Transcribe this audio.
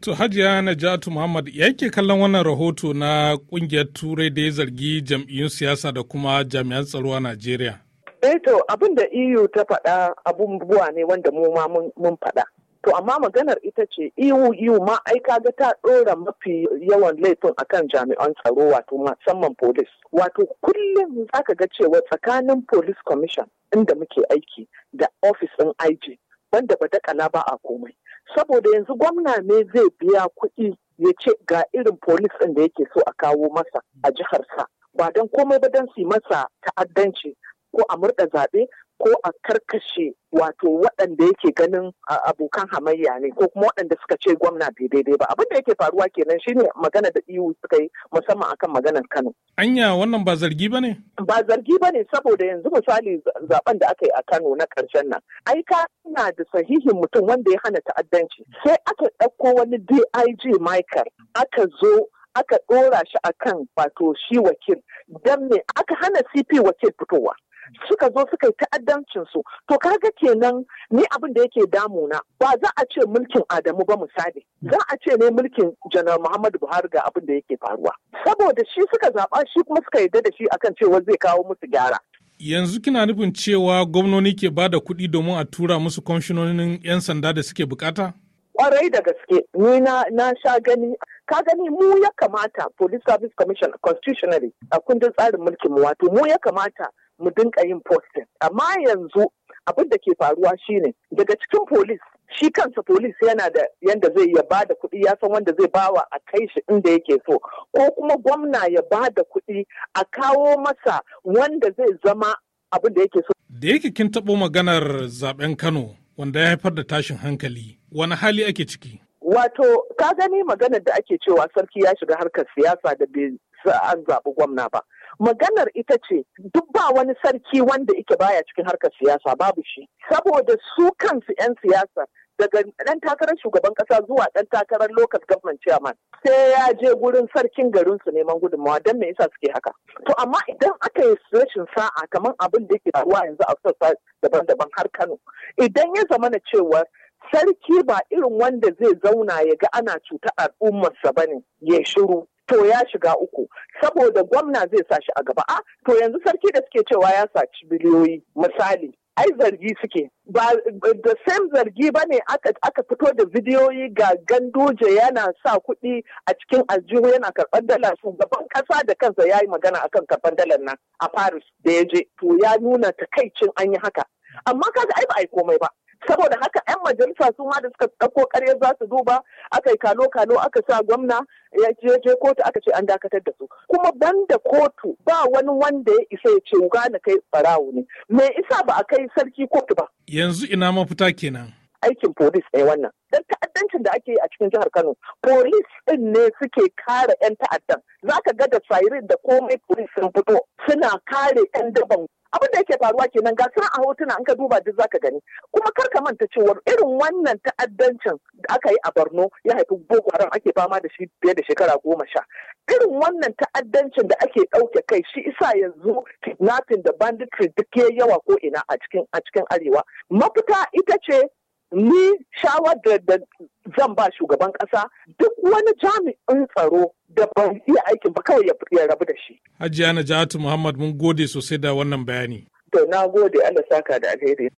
To Hajiya Najatu Muhammad ya yake kallon wannan rahoto na kungiyar Turai da ya zargi jam'iyyun siyasa da kuma jami'an tsaro a Najeriya. Eh to abin da EU ta faɗa abubuwa ne wanda mu ma mun faɗa. To amma maganar ita ce EU EU ma ai kaga ta ɗora mafi yawan laifin akan jami'an tsaro wato musamman police. Wato kullum zaka ga cewa tsakanin police commission inda muke aiki da ofis ɗin IG wanda ba dakala ba a komai. saboda yanzu gwamna ne zai biya kuɗi ya ce ga irin polis ɗin da yake so a kawo masa a jiharsa ba don komai ba don su masa ta'addanci ko a murɗa zaɓe ko a karkashe wato waɗanda yake ganin abokan hamayya ne ko kuma waɗanda suka ce gwamna bai daidai ba abin da yake faruwa kenan shine magana da iyu e suka yi musamman akan maganar Kano. Anya wannan ba zargi ba ne? Ba zargi ba ne saboda yanzu misali zaben da aka yi a Kano na karshen nan. Ai ka na da sahihin mutum wanda ya hana ta'addanci sai aka ɗauko wani DIG Michael aka zo aka ɗora shi akan wato shi wakil don me aka hana CP wakil fitowa. suka zo suka yi ta'addancin su to kaga kenan ni abin da yake damuna ba za a ce mulkin Adamu ba misali za a ce ne mulkin Janar Muhammadu Buhari ga abin da yake faruwa saboda shi suka zaba shi kuma suka yarda da shi akan cewa zai kawo musu gyara yanzu kina nufin cewa gwamnoni ke ba da kuɗi domin a tura musu kwamishinonin 'yan sanda da suke bukata? kwarai da gaske ni na, na sha gani ka gani mu ya kamata police service commission constitutionally a kundin tsarin mulkin mu wato mu ya kamata mu dinka yin posting amma yanzu abin da ke faruwa shine daga cikin polis shi kansa polis yana da yanda zai ya bada kuɗi ya san wanda zai bawa a kai shi inda yake so ko kuma gwamna ya da kuɗi a kawo masa wanda zai zama abin da yake so. Da yake kin taɓo maganar zaben Kano wanda ya haifar da tashin hankali wani hali ake ciki? Wato ka gani maganar da ake cewa sarki ya shiga harkar siyasa da bai an zaɓi gwamna ba. maganar ita ce duk ba wani sarki wanda yake baya cikin harkar siyasa babu shi saboda su kansu 'yan siyasa daga ɗan takarar shugaban ƙasa zuwa ɗan takarar local government chairman sai ya je gurin sarkin garin su neman gudunmawa don me yasa suke haka to amma idan aka yi rashin sa'a kamar abin da yake faruwa yanzu a sassa daban-daban har Kano idan ya zama na cewa sarki ba irin wanda zai zauna ya ga ana cuta al'ummarsa ne, ya shiru to ya shiga uku saboda gwamna zai sa shi a gaba a ah, to yanzu sarki da suke cewa ya saci biliyoyi misali ai zargi suke ba da same zargi ba ne aka fito da bidiyoyi ga ganduje yana sa kuɗi a cikin aljihu yana karɓar dala shugaban ƙasa da kansa ya yi magana akan karɓar dalar nan a paris da ya je to ya nuna takaicin an yi haka amma kaga ai ba ai komai ba saboda haka 'yan majalisa su ma da suka ɗauko ƙarya za su duba aka yi kano-kano, aka sa gwamna ya je je kotu aka ce an dakatar da su kuma banda kotu ba wani wanda ya isa ya ce na kai barawo ne me isa ba a kai sarki kotu ba yanzu ina mafita kenan aikin polis ne wannan don ta ta'addancin da ake yi a cikin jihar Kano police din ne suke kare 'yan ta'addan zaka ga da sairin da komai police sun fito suna kare 'yan daban abin da yake faruwa kenan ga suna a hotuna an ka duba duk zaka gani kuma kar ka manta cewa irin wannan ta'addancin da aka yi a Borno ya haifi Boko Haram ake fama da shi fiye da shekara goma sha irin wannan ta'addancin da ake ɗauke kai shi isa yanzu kidnapping da banditry duk ya yawa ko ina a cikin arewa mafita ita ce ni shawar da zan ba shugaban ƙasa duk wani jami'in tsaro da ban iya aikin ba kawai ya rabu da shi. Hajiya na Najatu Muhammad mun gode sosai da wannan bayani. To na gode Allah saka da alheri.